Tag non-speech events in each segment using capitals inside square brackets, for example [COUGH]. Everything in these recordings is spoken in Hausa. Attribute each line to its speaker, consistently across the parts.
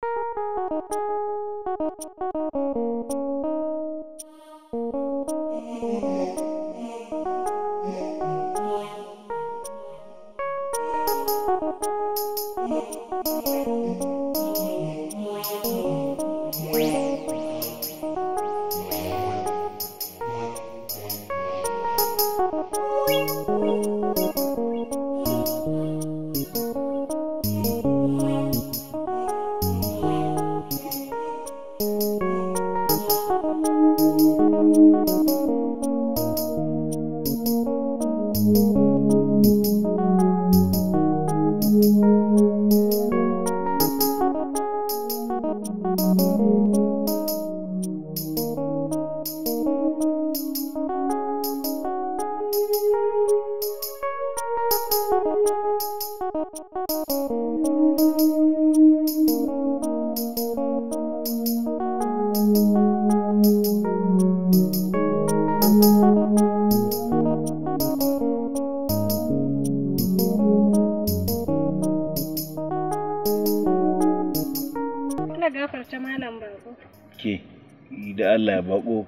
Speaker 1: Thank you.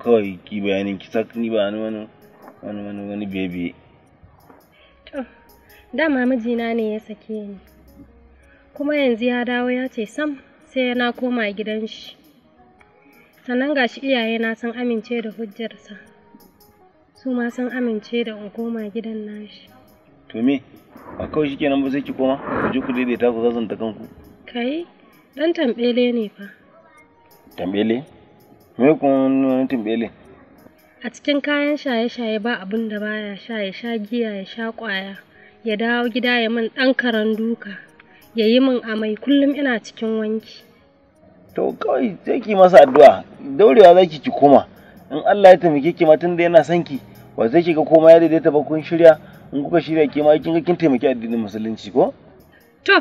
Speaker 2: kawai ki bayanin ki ni ba wani wani wani wani bebe
Speaker 3: da ah, dama mijina ne ya sake ni kuma yanzu ya dawo ya ce sam sai na koma gidan shi sannan gashi iyaye na san amince da hujjarsa su ma san amince da in koma gidan nashi
Speaker 2: to me a kawai shi kenan ba sai ki koma ku je ku daidaita ku zazanta kanku
Speaker 3: kai dan tambele ne fa
Speaker 2: tambele me kun timbele
Speaker 3: a cikin kayan shaye-shaye ba abin da baya sha ya sha giya ya sha kwaya ya dawo gida ya min ɗan karan duka ya yi min amai kullum ina cikin wanki
Speaker 2: to kawai sai ki masa addu'a daurewa zaki ki koma in Allah ya taimake ki ma da yana son ki ba sai ki ga koma ya daidaita ba kun shirya in kuka shirya ke ma kin ga kin taimaki addinin musulunci ko
Speaker 3: to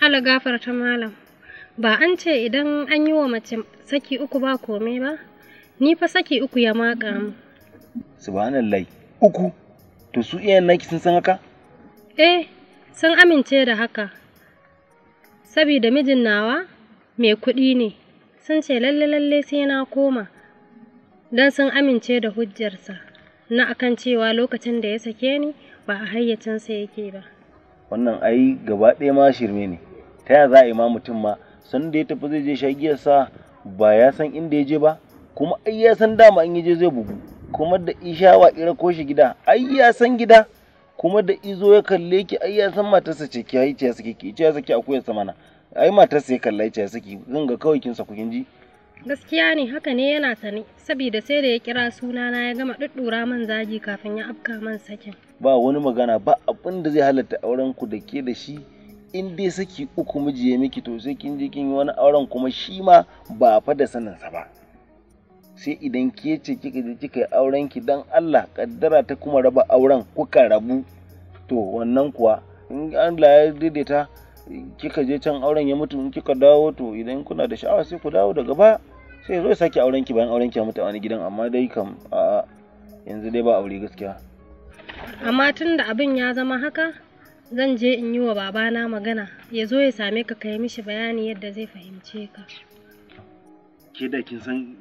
Speaker 3: Allah gafarta malam ba an ce idan an yi wa mace saki uku ba komai ba ni fa saki uku ya maka mu
Speaker 2: subhanallah uku to su iyayen naki sun san haka
Speaker 3: eh sun amince da haka saboda mijin nawa mai kuɗi ne sun ce lalle lalle sai na koma dan sun amince da hujjarsa na akan cewa lokacin da ya sake ni ba a hayyacinsa yake ba
Speaker 2: wannan ai gaba ɗaya ma shirme ne ta yaya za a yi ma mutum ma da ya tafi zai je shagiyarsa ba ya san inda ya je ba kuma ai ya san dama in ya je zai bugu kuma da wa ira ko shi gida ai ya san gida kuma da izo ya kalle ki ai ya san matarsa ce ki haice ya saki ki ya saki akwai sama mana ai matarsa ya kalla ya saki zan ga kawai kin saku kin ji
Speaker 3: gaskiya ne haka ne yana sani saboda sai da ya kira suna na ya gama duddura man zagi kafin ya afka man sakin
Speaker 2: ba wani magana ba abin da zai halatta auren ku da ke da shi in dai saki uku miji ya miki to sai kin je kin yi wani auren kuma shi ma ba fa da saninsa ba sai idan ke ce kika je kika yi auren ki dan Allah kaddara ta kuma raba auren kuka rabu to wannan kuwa in Allah ya daidaita kika je can auren ya mutu in kika dawo to idan kuna da sha'awa sai ku dawo daga baya sai ya zo ya sake auren ki bayan auren ki ya mutu a wani gidan amma dai kam a yanzu dai ba aure gaskiya
Speaker 3: amma tun da abin ya zama haka zan je in yi wa babana magana ya zo ya same ka ka yi mishi bayani yadda zai fahimce ka
Speaker 2: ke da kin san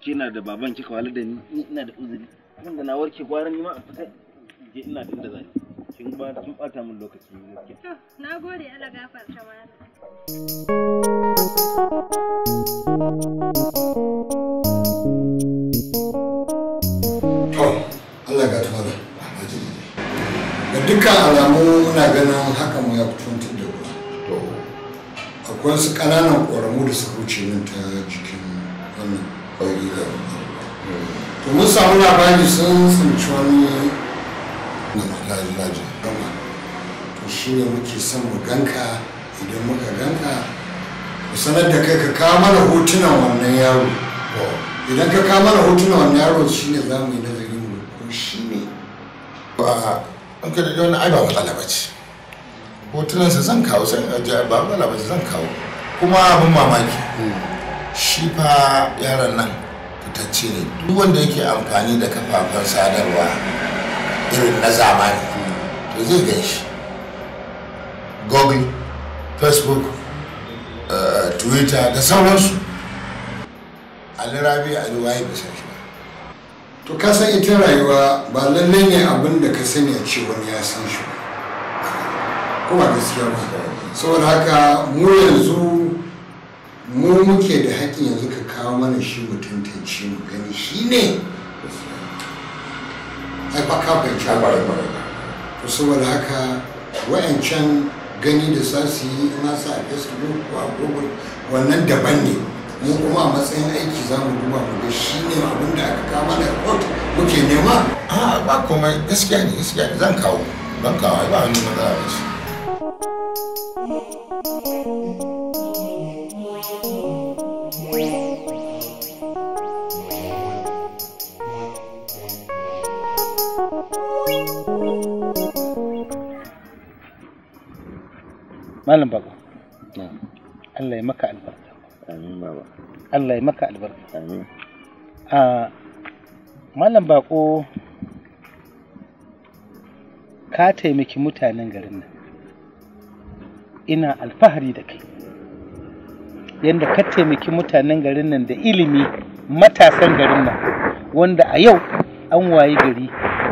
Speaker 2: kina da baban kika wala da ni ina da uzuri inda na warke gwaran ni ma a fita je ina da inda zai kin ba kin bata min lokaci to gode Allah gafarta mana
Speaker 1: Allah ga tumana dukkan alamu muna ganin hakan ya fitunta da ruwa akwai wasu ƙananan ƙoramu da suka wuce min ta jikin wannan ƙwari da to mun samu labari sun tsinci wani lalaji to shi ne muke son mu ganka idan muka ganka mu sanar da kai ka kawo mana hotunan wannan yaro idan ka kawo mana hotunan wannan yaro shi ne za mu yi nazarin mu ko shi ne ba an ka da wani ai ba matsala ba ce hotunansa zan kawo sai ba matsala ba zan kawo kuma abin mamaki shi fa yaran nan fitacce ne duk wanda yake amfani da kafafen sadarwa irin na zamani to zai gan shi google facebook eh, eh, twitter da sauransu ali rabi ali waye bisa shi to ka san ita rayuwa ba lallai ne abin da ka sani a ce wani ya san shi ko ba gaskiya ba saboda haka mu yanzu mu muke da haƙƙin yanzu ka kawo mana shi mu ce mu gani shi ne ai ba ka saboda haka wa'ancan gani da za su yi nasa a facebook ko a google wannan daban ne mu kuma a matsayin aiki za mu duba mu da shi ne abin da aka kama da report muke nema a ah, ba komai gaskiya ne gaskiya ne zan kawo ban kawo ba wani matsala ba shi
Speaker 4: Malam Baba, Allah ya maka albarka. Allah ya maka albarka. Amin. A Malam Bako ka taimaki mutanen garin nan. Ina alfahari da kai. Yanda ka taimaki mutanen garin nan da ilimi matasan garin nan wanda a yau an wayi gari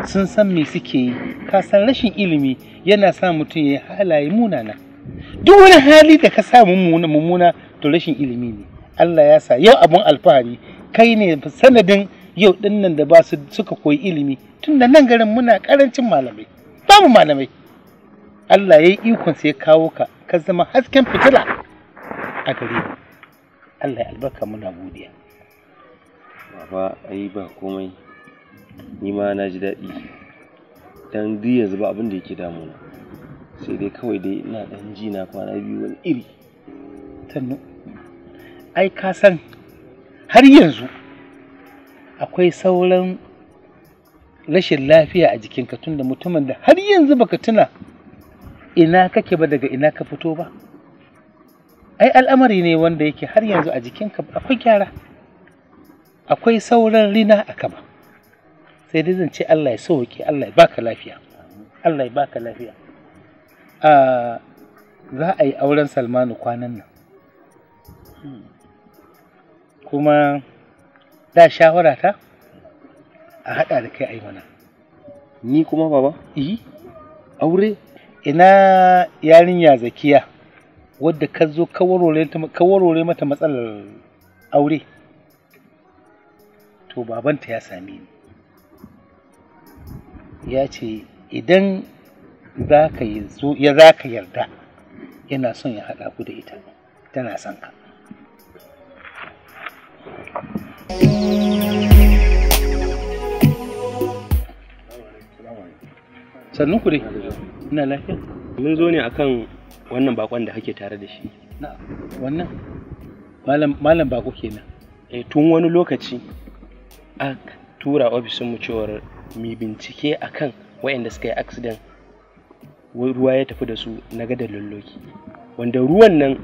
Speaker 4: sun san me suke yi ka san rashin ilimi yana sa mutum ya yi halaye munana duk wani hali da ka sa mu mummuna wato rashin ilimi ne Allah ya sa yau abun alfahari kai ne sanadin yau din nan da ba su suka koyi ilimi tun da nan garin muna karancin malamai babu malamai Allah ya yi ikon sai ya kawo ka ka zama hasken fitila a gare Allah ya albarka muna godiya
Speaker 2: baba ai ba komai ni ma na ji daɗi dan duk yanzu ba abin da yake damuna
Speaker 4: sai dai kawai dai ina dan ji kwana biyu wani iri ai ka san har yanzu akwai sauran rashin lafiya a jikinka tunda mutumin da har yanzu baka tuna ina kake ba daga ina ka fito ba ai al'amari ne wanda yake har yanzu a jikinka akwai gyara akwai sauran rina a kaba sai dai zan ce Allah ya sauke Allah ya baka lafiya Allah ya baka lafiya ah, za a yi auren Salmanu kwanan nan kuma da shawara ta a haɗa da kai a yi mana ni kuma baba iyi aure ina yarinya zakiya wadda ka zo ka mata matsalar aure to babanta ya same ni ya ce idan za ka yarda yana son ya haɗa ku da ita tana son ka Sannu ku dai ina lafiya mun zo ne akan wannan bakon da kake tare da shi wannan malam malam bako kenan eh tun wani lokaci a tura ofishin mu cewar mi bincike akan wayanda suka yi accident ruwa ya tafi da su na gadar lulloki wanda ruwan nan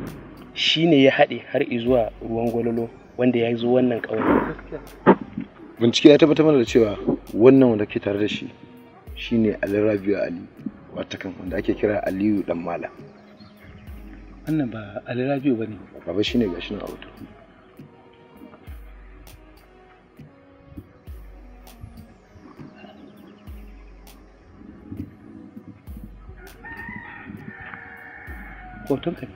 Speaker 4: shine ya haɗe har zuwa ruwan gwalolo wanda ya zo wannan ƙauye bincike ya tabbatar mana da cewa wannan wanda ke tare da shi shine Ali Rabiu Ali watakan wanda ake kira Aliyu dan Mala wannan ba Ali Rabiu bane baba shine gashi nan a hoto hoton ka ne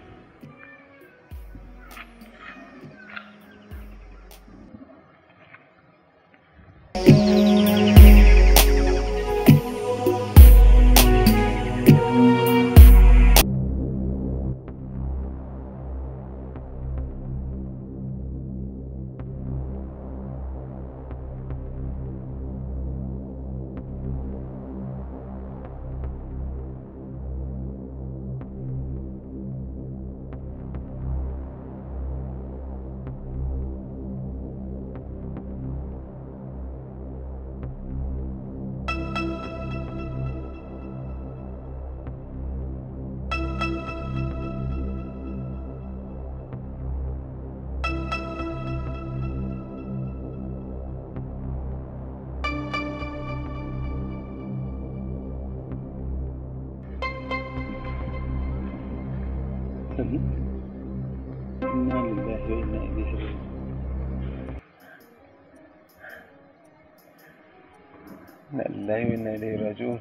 Speaker 2: لله وإنا إليه راجعون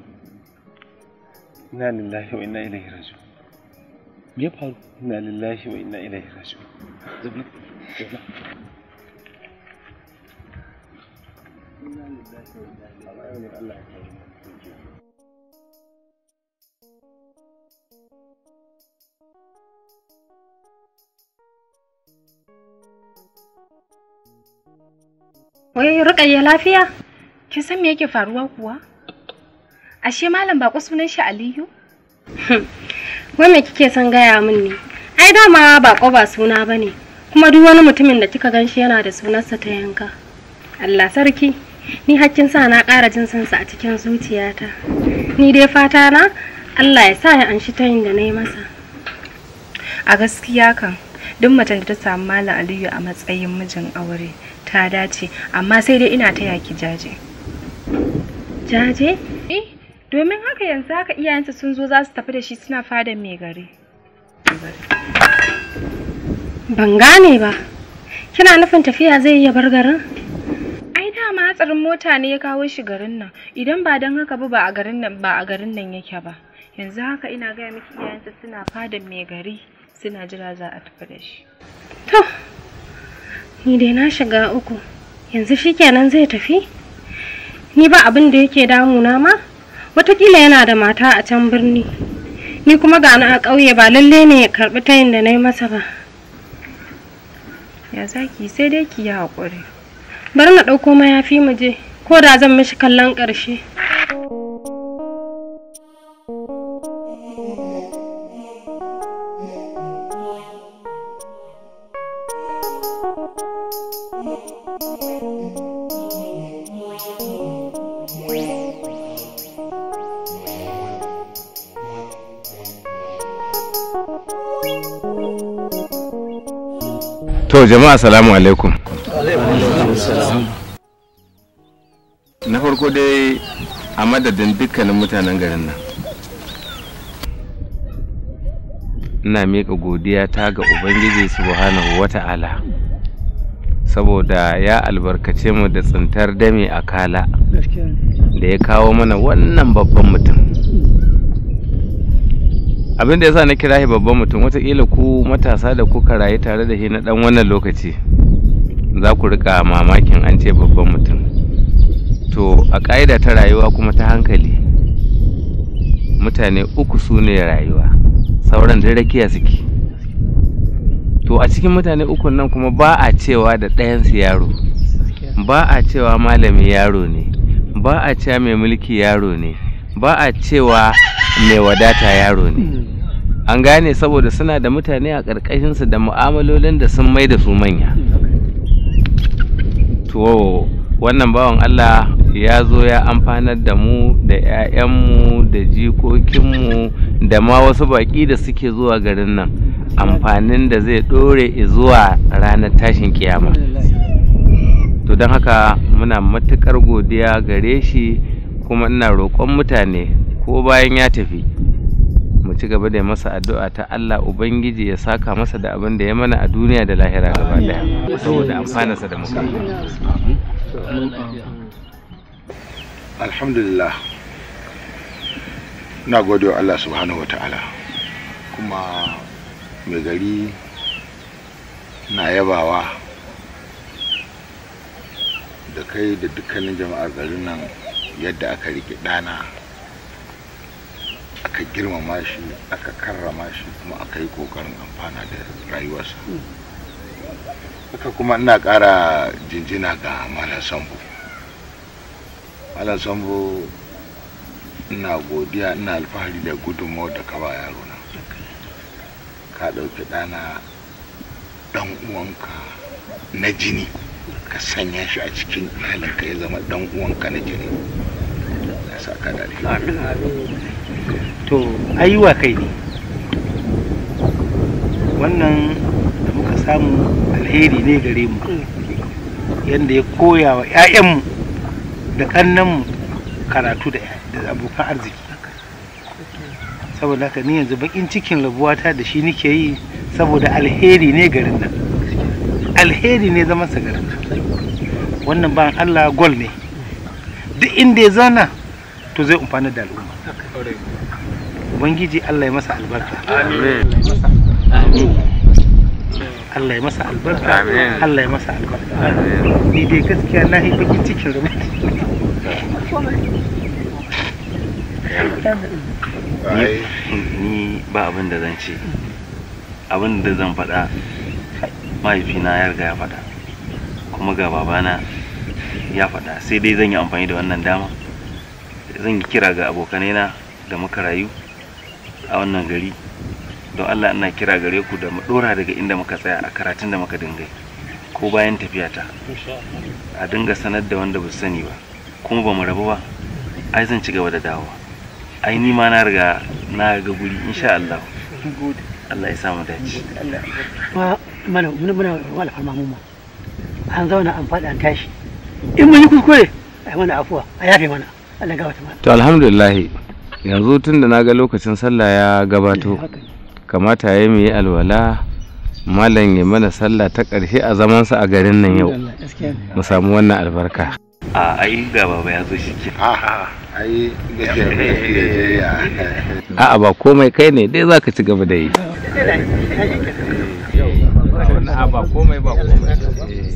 Speaker 2: إنا لله وإنا إليه راجعون بيبحر إنا لله وإنا إليه راجعون زبنا
Speaker 4: زبنا
Speaker 1: إنا لله وإنا
Speaker 3: ya lafiya Kin san me yake faruwa kuwa? Ashe malam bako sunan shi Aliyu? Wai me kike son gaya mun ne? Ai dama bako ba suna ba ne, Kuma duk wani mutumin da kika ganshi yana da sunarsa ta yanka. Allah sarki, ni hakkin sa na ƙara jin sa a cikin zuciyata. Ni dai fata na Allah ya sa ya anshi yin da na yi masa. A gaskiya kan, duk macen da ta samu Malam Aliyu a matsayin mijin aure ta dace, amma sai dai ina taya ki jaje. jaje eh domin haka yanzu haka iyayensa sun zo za su tafi da shi suna fada mai gari ban gane ba kina nufin tafiya zai iya bar garin ai dama hatsarin mota ne ya kawo shi garin nan idan ba don haka ba a garin nan ba a garin nan yake ba yanzu haka ina gaya miki iyayensa suna fada mai gari suna jira za a tafi da shi to ni dai na shiga uku yanzu shikenan zai tafi ni ba abin da yake damuna ma Wataƙila yana da mata a can birni ni kuma gani a ƙauye ba lalle ne ya karɓi ta yin da na yi masa ba ya zaki sai dai ki yi haƙuri bari na ɗauko mayafi mu je ko da zan mishi kallon ƙarshe
Speaker 5: jama'a salamu alaikum. Na farko dai a madadin dukkanin mutanen garin nan. Ina miƙa godiya ta ga Ubangiji Subhanahu wa ta'ala. Saboda ya albarkace mu da tsintar dame a kala da ya kawo mana wannan babban mutum. abin da yasa na kira shi babban mutum watakila ku matasa da kuka rayu tare da shi na dan wannan lokaci za ku rika mamakin an ce babban mutum to a ƙa'ida ta rayuwa kuma ta hankali mutane uku su ne rayuwa sauran da rakiya suke to a cikin mutane uku nan kuma ba a cewa da ɗayan su yaro ba a cewa malami yaro ne ba a cewa mai mulki yaro ne ba a cewa mai wadata yaro ne an gane saboda suna da mutane a ƙarƙashinsu da mu'amalolin da sun mai da su manya to wannan bawan allah ya zo ya amfanar da mu da 'ya'yanmu da jikokinmu da ma wasu baƙi da suke zuwa garin nan amfanin da zai ɗore zuwa ranar tashin kiyama to don haka muna matuƙar godiya gare shi kuma ina roƙon mutane ko bayan ya tafi ci gaba da masa addu'a ta Allah ubangiji ya saka masa da abin da ya mana a duniya da lahira
Speaker 1: gaba daya saboda amfanarsa da muka alhamdulillah na gode wa Allah subhanahu wa ta'ala kuma mai gari na yabawa da kai da dukkanin jama'ar garin nan yadda aka rike ɗana aka girmama shi aka karrama shi kuma aka yi kokarin amfana da rayuwarsa haka kuma ina ƙara jinjina ga malam sambo malam sambo ina godiya ina alfahari da gudunmawar da ka yaro na ka ɗauki ɗana ɗan uwanka na jini ka sanya shi a cikin halinka ya zama ɗan uwanka na jini ya sa
Speaker 4: to ayiwa kai ne wannan da muka samu alheri ne gare mu yadda ya koya wa 'ya'yanmu da kannanmu karatu da abokan arziki saboda haka ni yanzu bakin cikin rabuwata da shi nike yi saboda alheri ne garin nan alheri ne zama sa garin nan wannan ban allah gol ne duk inda ya zana to zai umfana da al'umma ubangiji allah ya masa albarka Allah ya masa albarka Allah ya masa albarka ni dai gaskiya na yi bakin cikin rumu
Speaker 2: ni ba abin da zan ce abin da zan faɗa mahaifina ya riga ya faɗa kuma ga babana ya faɗa sai dai zan yi amfani da wannan dama zan yi kira ga na da muka rayu a wannan gari don allah ina kira gare ku da mu dora daga inda muka tsaya a karatun da muka dingai ko bayan tafiyata a dinga sanar da wanda ba su sani ba kuma ba mu rabu ba ai zan ci gaba da dawowa ai ni ma na riga na ga guri insha allah allah ya samu dace
Speaker 6: mana mun muna wala farma mu ma an zauna an faɗa an tashi in mun yi kuskure ai mana afuwa a yafe mana
Speaker 5: to alhamdulillah yanzu tun da na ga lokacin sallah ya gabato eh, kamata ya yi alwala malam ya mana sallah ta ƙarshe a zamansa a garin nan yau mu samu wannan albarka
Speaker 1: a ai ga baba ya zo shi ke
Speaker 5: a'a ba komai kai ne dai za ka ci gaba da yi eh, eh, ba komai ba komai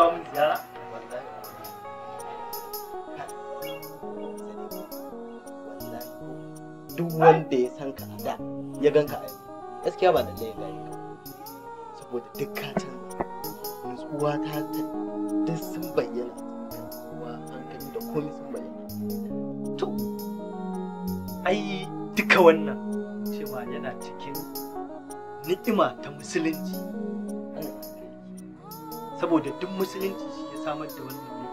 Speaker 6: kawo min duk wanda ya san ka da ya gan ka gaskiya ba da ya gani ka saboda duk ka can nutsuwa ta duk sun bayyana nutsuwa hankali da komai sun bayyana to ai duka wannan cewa yana cikin ni'ima ta musulunci saboda duk musulunci shi ya samar da wannan ne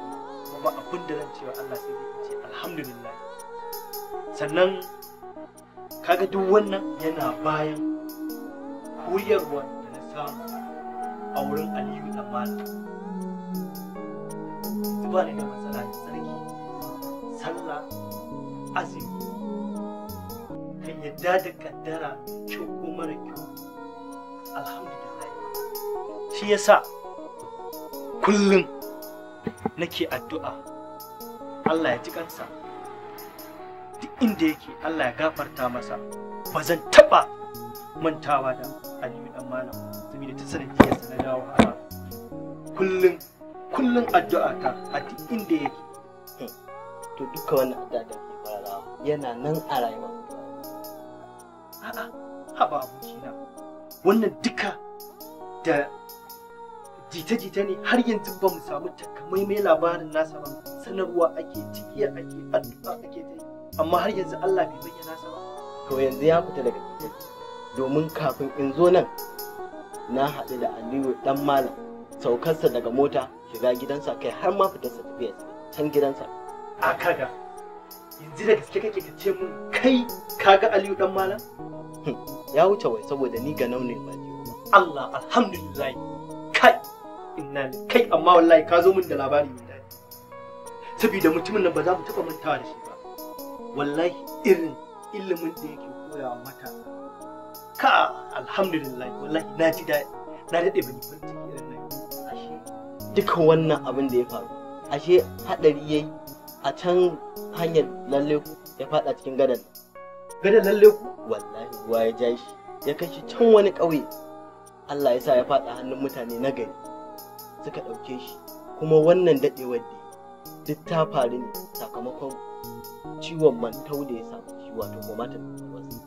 Speaker 6: kuma abin da zan cewa Allah sai dai ce alhamdulillah sannan kaga duk wannan yana bayan koyarwa da na samu a wurin Aliyu da Malik ba ne da matsala da sarki sallah azumi kan yadda da kaddara kyau ko mara kyau alhamdulillah shi yasa kullum nake addu'a Allah ya ji kansa duk inda yake Allah ya gafarta masa ba zan taɓa mantawa da aliyu dan malam saboda ta sanadiyarsa na dawo a kullum kullum addu'a ta a duk inda yake to duka wannan addu'a da ke fara yana nan a rayuwa a'a haba abokina wannan duka da jita-jita ne har yanzu ba mu samu takamaimai labarin nasa ba sanarwa ake tikiya ake addu'a ake ta amma har yanzu Allah bai bayyana sa ba to yanzu ya fita daga cikin domin kafin in zo nan na haɗu da Aliyu dan malam saukarsa daga mota shiga gidansa kai har ma fitarsa tafiya can gidansa a kaga yanzu da gaske kake ta ce mun kai kaga Aliyu dan malam ya wuce wai saboda ni ga nauni ba Allah alhamdulillah kai inna kai amma wallahi ka zo min da labari mai daɗi saboda mutumin nan ba za mu taɓa mantawa da shi ba wallahi irin ilimin da yake koyawa matasa ka alhamdulillah wallahi na ji daɗi na daɗe bani farin ciki irin nan ashe dukan wannan abin da ya faru ashe haɗari yayi a can hanyar lalle ya faɗa cikin gadan gadan lalle wallahi ruwa ya ja shi ya kai shi can wani ƙauye Allah ya sa ya faɗa hannun mutane na gari suka ɗauke shi kuma wannan daɗewar da duk ta faru ne sakamakon ciwon mantau da ya samu shi wato gwamnatin wasu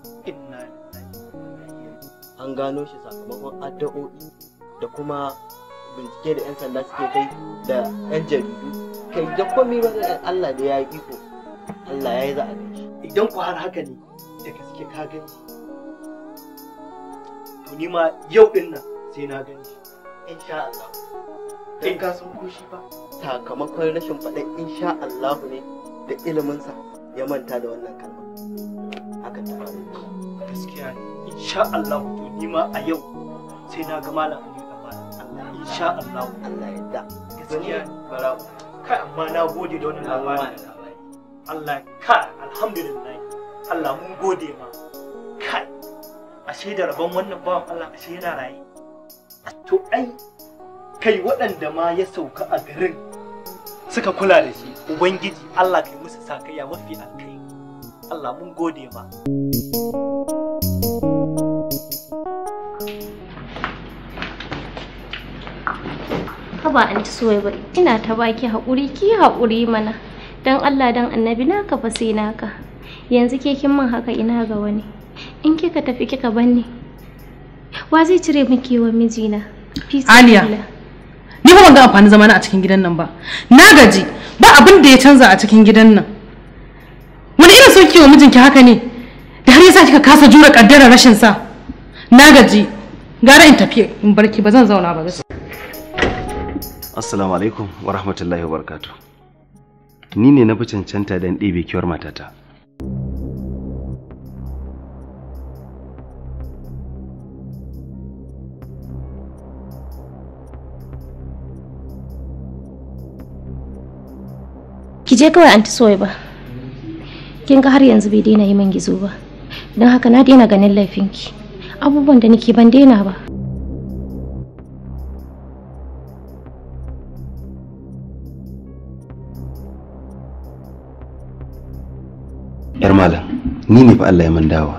Speaker 6: an gano shi sakamakon addu'o'i da kuma bincike da 'yan sanda suke kai da 'yan jaridu kai da komai ba Allah da ya yi iko Allah ya yi za a shi idan ku har haka ne da gaske ka gani to ni ma yau din nan sai na gani insha Allah tun ka sun kushi ba sakamakon rashin faɗa insha Allahu ne da iliminsa ya manta da wannan kalma haka ta faru gaskiya insha Allahu to ni ma a yau sai na ga malam ne da malam Allah insha Allahu Allah ya da gaskiya bara kai amma na gode da wannan labarin Allah ka alhamdulillah Allah mun gode ma kai ashe da rabon wannan bawan Allah ashe yana raye to ai kai waɗanda ma ya sauka a garin suka kula da shi ubangiji Allah kai musu sakayya mafi alkai Allah mun gode ma
Speaker 3: haba an ci soyayya ina ta baki haƙuri ki haƙuri mana dan Allah dan annabi naka fa sai naka yanzu ke kin min haka ina ga wani in kika tafi kika banni wa zai cire min wa mijina Aliya ni ba ban ga amfanin zama a cikin gidan nan ba na gaji ba abin da ya canza a cikin gidan nan wani irin sauki wa mijinki haka ne da har yasa kika kasa jura kaddara rashin sa na gaji gara in tafi in barki ba zan zauna ba gaskiya
Speaker 2: assalamu alaikum wa rahmatullahi wa barakatuh ni ne na fi cancanta dan ɗebe kiwar matata
Speaker 3: ki je kawai anti soyi ba kin ga har yanzu bai daina yi min gizo ba don haka na daina ganin laifin ki abubuwan da nake ban daina ba
Speaker 5: yar malam ni ne fa Allah ya
Speaker 2: dawa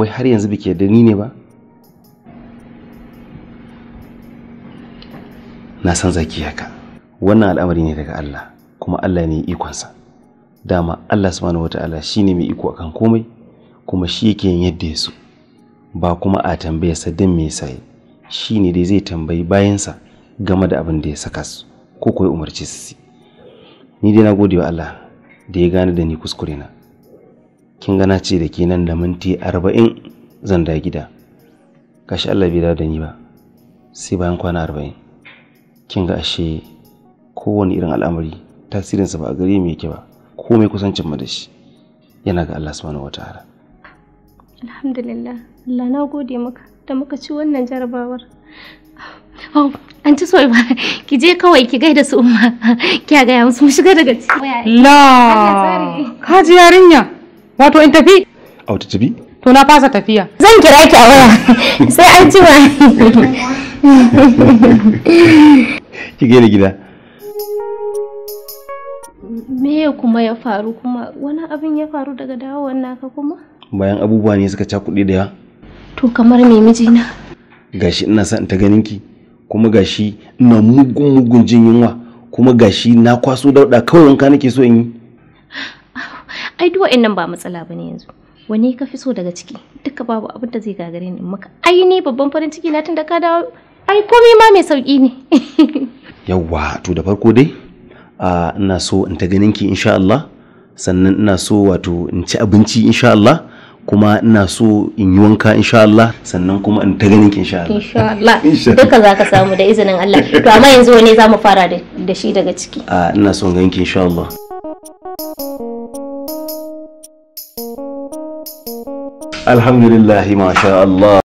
Speaker 2: wai har yanzu bike da ni ne ba na san zaki haka wannan al'amari ne daga Allah kuma Allah ne ikonsa dama Allah subhanahu wata'ala shine mai iko akan komai kuma shi yake yin yadda ya so ba kuma a tambaye sa din me yasa shi shine dai zai tambayi bayansa game da abin da ya saka su ko koyi umarci su ni dai na gode wa Allah da ya gane da ni kuskure na kin gana ce da ke nan da minti arba'in zan da gida kashi Allah bai da ni ba sai bayan kwana arba'in kin ga ashe kowane irin al'amari tasirinsa ba a gare mu yake ba mai kusancin mu da shi yana ga Allah subhanahu wataala
Speaker 3: alhamdulillah Allah na gode maka da muka ci wannan jarabawar an ci soyi ba ki je kawai ki gaida su umma ki ga ya musu mu shiga daga ciki la ka ji yarinya wato in tafi Auta ta tafi to na fasa tafiya zan kira ki a waya [LAUGHS] sai an ci ba [LAUGHS] ki gida gida me kuma ya faru kuma wani abin ya faru daga dawowar naka kuma
Speaker 2: bayan abubuwa ne suka cakuɗe da ya
Speaker 3: to kamar me mijina
Speaker 2: gashi ina son in ta ganin ki kuma gashi ina mugun mugun jin yunwa kuma gashi na kwaso dauda kawai wanka nake so in yi
Speaker 3: ai duk nan ba matsala bane yanzu wani ka fi so daga ciki duka babu abin da zai gagare ni maka ai ni babban farin ciki na tun da ka dawo ai komai ma mai sauki ne
Speaker 2: yawwa to da farko dai ina so in ta ganin ki insha Allah sannan ina so wato in ci abinci insha Allah kuma ina so in yi wanka insha Allah sannan kuma in ta ganin ki insha Allah
Speaker 3: insha Allah [LAUGHS] duka zaka samu da izinin Allah to amma yanzu za zamu fara da shi daga ciki
Speaker 2: a ina so in ganin ki insha Allah alhamdulillah masha Allah